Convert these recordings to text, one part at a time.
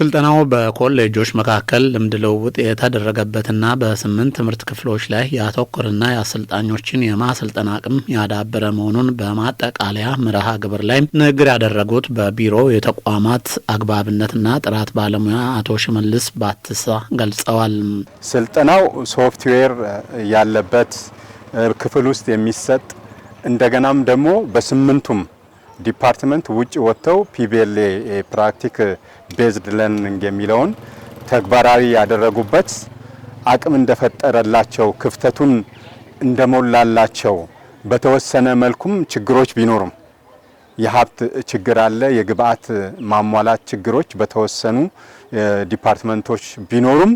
ስልጠናው በኮሌጆች መካከል ልምድ ልውውጥ የተደረገበትና በስምንት ትምህርት ክፍሎች ላይ ያተኮርና የአሰልጣኞችን የማሰልጠን አቅም ያዳበረ መሆኑን በማጠቃለያ መርሃ ግብር ላይ ንግግር ያደረጉት በቢሮ የተቋማት አግባብነትና ጥራት ባለሙያ አቶ ሽመልስ ባትሳ ገልጸዋል። ስልጠናው ሶፍትዌር ያለበት ክፍል ውስጥ የሚሰጥ እንደገናም ደግሞ በስምንቱም ዲፓርትመንት ውጭ ወጥተው ፒቢኤልኤ ፕራክቲክ ቤዝድ ለርኒንግ የሚለውን ተግባራዊ ያደረጉበት አቅም እንደፈጠረላቸው ክፍተቱን እንደሞላላቸው በተወሰነ መልኩም ችግሮች ቢኖሩም የሀብት ችግር አለ፣ የግብአት ማሟላት ችግሮች በተወሰኑ ዲፓርትመንቶች ቢኖሩም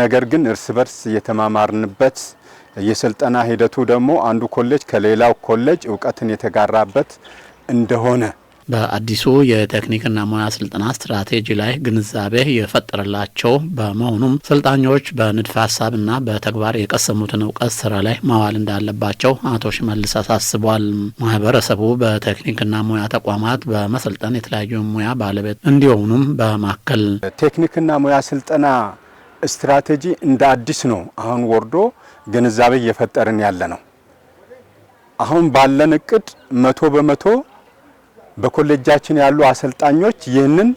ነገር ግን እርስ በርስ የተማማርንበት የስልጠና ሂደቱ ደግሞ አንዱ ኮሌጅ ከሌላው ኮሌጅ እውቀትን የተጋራበት እንደሆነ በአዲሱ የቴክኒክና ሙያ ስልጠና ስትራቴጂ ላይ ግንዛቤ የፈጠረላቸው በመሆኑም ሰልጣኞች በንድፈ ሀሳብና በተግባር የቀሰሙትን እውቀት ስራ ላይ ማዋል እንዳለባቸው አቶ ሽመልስ አሳስቧል። ማህበረሰቡ በቴክኒክና ሙያ ተቋማት በመሰልጠን የተለያዩ ሙያ ባለቤት እንዲሆኑም በማከል ቴክኒክና ሙያ ስልጠና ስትራቴጂ እንደ አዲስ ነው አሁን ወርዶ ግንዛቤ እየፈጠርን ያለ ነው። አሁን ባለን እቅድ መቶ በመቶ በኮሌጃችን ያሉ አሰልጣኞች ይህንን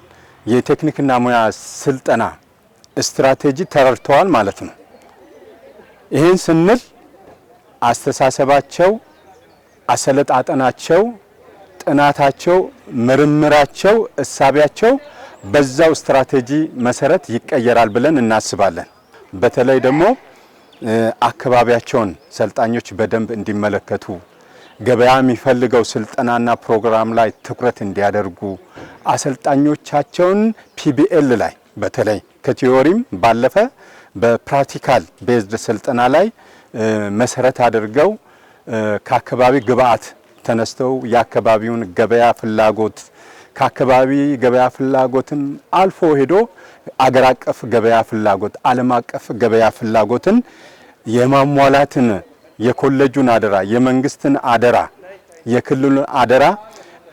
የቴክኒክና ሙያ ስልጠና ስትራቴጂ ተረድተዋል ማለት ነው። ይህን ስንል አስተሳሰባቸው፣ አሰለጣጠናቸው፣ ጥናታቸው፣ ምርምራቸው፣ እሳቢያቸው በዛው ስትራቴጂ መሰረት ይቀየራል ብለን እናስባለን። በተለይ ደግሞ አካባቢያቸውን ሰልጣኞች በደንብ እንዲመለከቱ ገበያ የሚፈልገው ስልጠናና ፕሮግራም ላይ ትኩረት እንዲያደርጉ አሰልጣኞቻቸውን ፒቢኤል ላይ በተለይ ከቲዮሪም ባለፈ በፕራክቲካል ቤዝድ ስልጠና ላይ መሰረት አድርገው ከአካባቢ ግብአት ተነስተው የአካባቢውን ገበያ ፍላጎት ከአካባቢ ገበያ ፍላጎትም አልፎ ሄዶ አገር አቀፍ ገበያ ፍላጎት፣ ዓለም አቀፍ ገበያ ፍላጎትን የማሟላትን የኮሌጁን አደራ፣ የመንግስትን አደራ፣ የክልሉን አደራ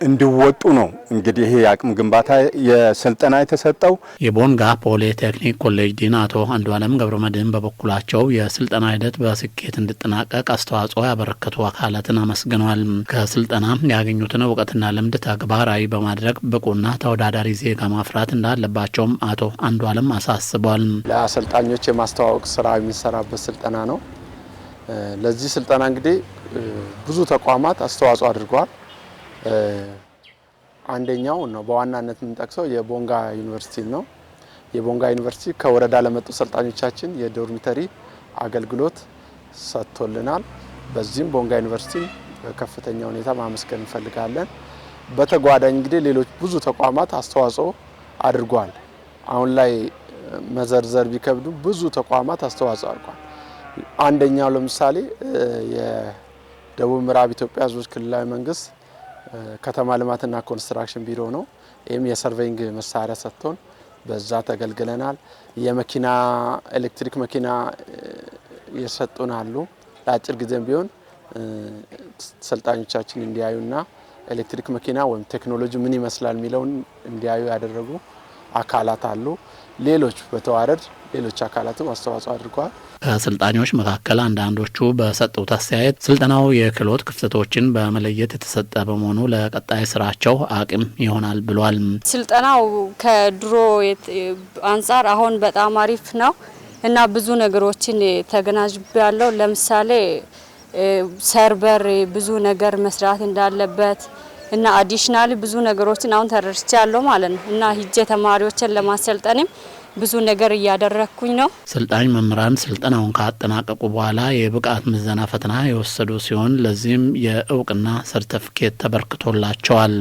እንዲወጡ ነው። እንግዲህ ይሄ የአቅም ግንባታ የስልጠና የተሰጠው የቦንጋ ፖሊቴክኒክ ኮሌጅ ዲን አቶ አንዱዓለም ገብረ መድህን በበኩላቸው የስልጠና ሂደት በስኬት እንዲጠናቀቅ አስተዋጽኦ ያበረከቱ አካላትን አመስግነዋል። ከስልጠና ያገኙትን እውቀትና ልምድ ተግባራዊ በማድረግ ብቁና ተወዳዳሪ ዜጋ ማፍራት እንዳለባቸውም አቶ አንዱዓለም አሳስቧል። ለአሰልጣኞች የማስተዋወቅ ስራ የሚሰራበት ስልጠና ነው። ለዚህ ስልጠና እንግዲህ ብዙ ተቋማት አስተዋጽኦ አድርገዋል። አንደኛው ነው በዋናነት የምንጠቅሰው የቦንጋ ዩኒቨርሲቲ ነው። የቦንጋ ዩኒቨርሲቲ ከወረዳ ለመጡ ሰልጣኞቻችን የዶርሚተሪ አገልግሎት ሰጥቶልናል። በዚህም ቦንጋ ዩኒቨርሲቲ በከፍተኛ ሁኔታ ማመስገን እንፈልጋለን። በተጓዳኝ እንግዲህ ሌሎች ብዙ ተቋማት አስተዋጽኦ አድርጓል። አሁን ላይ መዘርዘር ቢከብዱ ብዙ ተቋማት አስተዋጽኦ አድርጓል። አንደኛው ለምሳሌ የደቡብ ምዕራብ ኢትዮጵያ ህዝቦች ክልላዊ መንግስት ከተማ ልማትና ኮንስትራክሽን ቢሮ ነው። ይህም የሰርቬይንግ መሳሪያ ሰጥቶን በዛ ተገልግለናል። የመኪና ኤሌክትሪክ መኪና የሰጡን አሉ። ለአጭር ጊዜም ቢሆን ሰልጣኞቻችን እንዲያዩና ኤሌክትሪክ መኪና ወይም ቴክኖሎጂ ምን ይመስላል የሚለውን እንዲያዩ ያደረጉ አካላት አሉ። ሌሎች በተዋረድ ሌሎች አካላትም አስተዋጽኦ አድርገዋል። ከአሰልጣኞች መካከል አንዳንዶቹ በሰጡት አስተያየት ስልጠናው የክህሎት ክፍተቶችን በመለየት የተሰጠ በመሆኑ ለቀጣይ ስራቸው አቅም ይሆናል ብሏል። ስልጠናው ከድሮ አንጻር አሁን በጣም አሪፍ ነው እና ብዙ ነገሮችን ተገናዝብ ያለው ለምሳሌ ሰርበር ብዙ ነገር መስራት እንዳለበት እና አዲሽናል ብዙ ነገሮችን አሁን ተረድቻለሁ ማለት ነው እና ሂጄ ተማሪዎችን ለማሰልጠንም ብዙ ነገር እያደረግኩኝ ነው። ሰልጣኝ መምህራን ስልጠናውን ካጠናቀቁ በኋላ የብቃት ምዘና ፈተና የወሰዱ ሲሆን ለዚህም የእውቅና ሰርተፍኬት ተበርክቶላቸዋል።